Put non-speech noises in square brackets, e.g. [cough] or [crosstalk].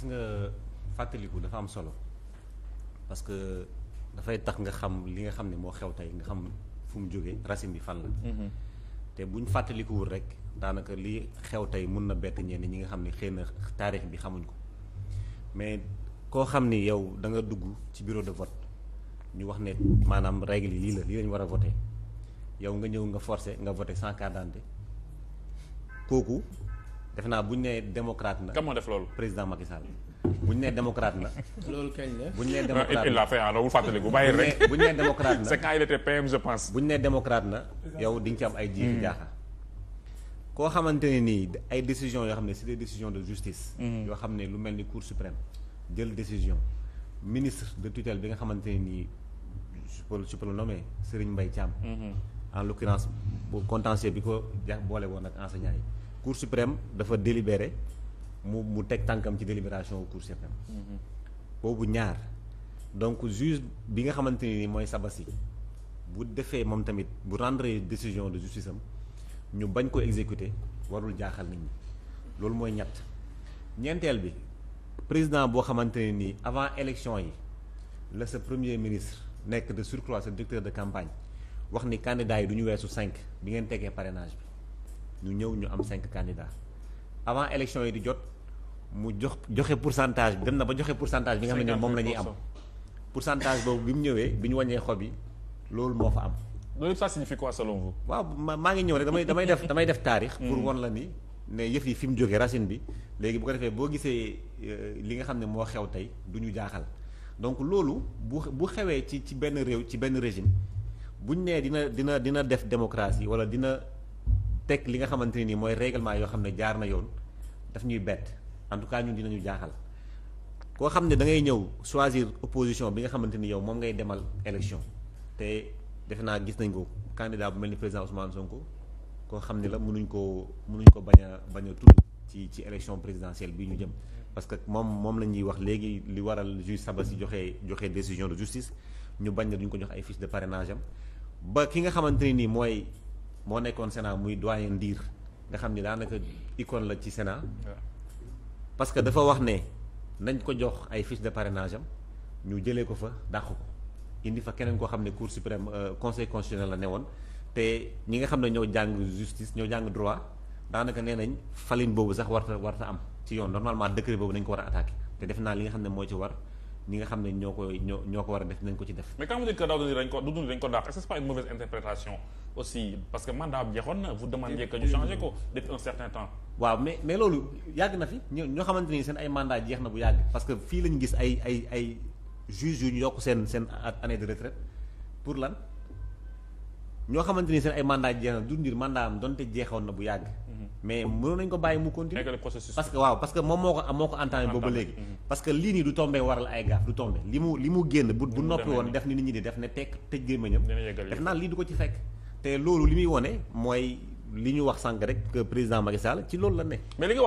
gis nga fàttaliku dafa am solo parce que dafay tax nga xam li nga xam ne moo xew tey nga xam fu mu jógee racine bi fan la. Mm-hmm. te buñ fàttalikuwul rek daanaka li xew tey mun na bett ñenn ñi nga xam ne xëy na taarix bi xamuñ ko mais koo xam ni yow da nga dugg ci bureau de vote ñu wax ne maanaam règle lii la lii lañ war a voté yow nga ñëw nga forcé nga voté sans carte kooku. def naa bu ñu nee démocrate na. kan moo def loolu président Macky Sall. bu ñu nee démocrate na. loolu kañ la bu ñu nee démocrate na il l'a fait ah loolu fàttali bu bàyyi rek. nee démocrate na [laughs] c'est quand il était PM je pense. bu nee démocrate na yow di nga ci am ay jiifi hmm. jaaxa. koo xamante ne nii ay décisions yoo xam ne c'est des décision de justice. Hmm. yoo xam ne lu mel ni cour suprême jël décision ministre de tutelle bi nga xamante ne nii je peux je peux le nommer Serigne Mbaye hmm. en l'occurrence bu contentieux bi ko ja boole woon ak enseignants yi. cour suprême dafa délibéré mu mu teg tànkam ci délibération wu cour suprême mm-hmm. boobu ñaar donc juge bi nga xamante ni mooy Sabassi bu defee moom tamit bu rendre décision de justice am ñu bañ ko exécuter warul jaaxal nit ñi loolu mooy ñett ñeenteel bi président boo xamante ne nii avant élection yi la sa premier ministre nekk de surcroît sa directeur de campagne wax ni candidat yi du ñu weesu cinq bi ngeen tegee parrainage bi ñu ñëw ñu am cinq candidats avant élection yi di jot mu jox joxe pour pourcentage bi dem na ba joxe pour pourcentage bi nga xam ne moom la ñuy pour pourcentage boobu bi mu ñëwee bi ñu wàññee xob yi loolu moo fa am. loolu ça signifie quoi selon vous. waaw maa ngi ñëw rek damay damay def damay def taarix. pour hmm. won la ni ne yëf yi fi mu jógee racine bi léegi bu ko defee boo gisee euh, li nga xam ne moo xew tey du ñu jaaxal donc loolu bu bu xewee ci ci benn réew ci benn régime buñ nee dina dina dina def démocratie wala dina. teg li nga xamante ne nii mooy réglement yoo xam ne jaar na yoon daf ñuy bett en tout cas ñun dinañu jaaxal koo xam ne da ngay ñëw choisir opposition bi nga xamante ni yow moom ngay demal élection te defe naa gis nañ ko candidat bu mel ni président koo xam ne la mënuñ ko mënuñ ko bañ bañ a ci ci élection présidentielle bii ñu jëm parce que moom moom la ñuy wax léegi li waral juge Sabassi joxe joxe décision de justice ñu bañ na duñ ko jox fiche de parrainage am ba ki nga xamante nii mooy moo nekkoon Sénat muy doyen Ndiir nga xam ni daanaka icône la ci Sénat parce que dafa wax ne nañ ko jox ay fiche de parrainage am ñu jëlee ko fa dàq ko indi fa keneen koo xam ne cour suprême euh, conseil constitutionnel la ne woon te ñi nga xam ne ñoo jàng justice ñoo jàng droit daanaka nee nañ falin boobu sax warta warta am ci yoon normalement décret boobu nañ ko war a attaqué te def naa li nga xam ne moo ci war ñi nga xam ne ñoo ko ñoo ko war a def nañ ko ci def. mais quand vous dites que Daouda Ndir dañ ko Doudou na vous demandiez que ñu changé waaw mais mais loolu yàgg na fi ñoo ñoo xamante ni seen ay mandat jeex na bu yàgg parce que fii lañu gis ay ay ay juges yu ñu yokk seen seen année de retraite pour lan ñoo xamante ni seen ay mandat jeex na Doudou Ndir am donte jeexoon na bu yàgg. Mhm. mais mënoon nañ ko bàyyi mu continuer. parce waaw parce moom moo ko moo ko entamé boobu léegi. Mhm. parce que lii nii du tombé waral ay gaaf du tombé li mu li mu génn bu bu noppi woon def ni nit ñi di def ne tekk tëj gémmiñam def naan lii du ko ci fekk te loolu li muy wone mooy li ñu wax sànq rek que président Macky Sall ci loolu la ne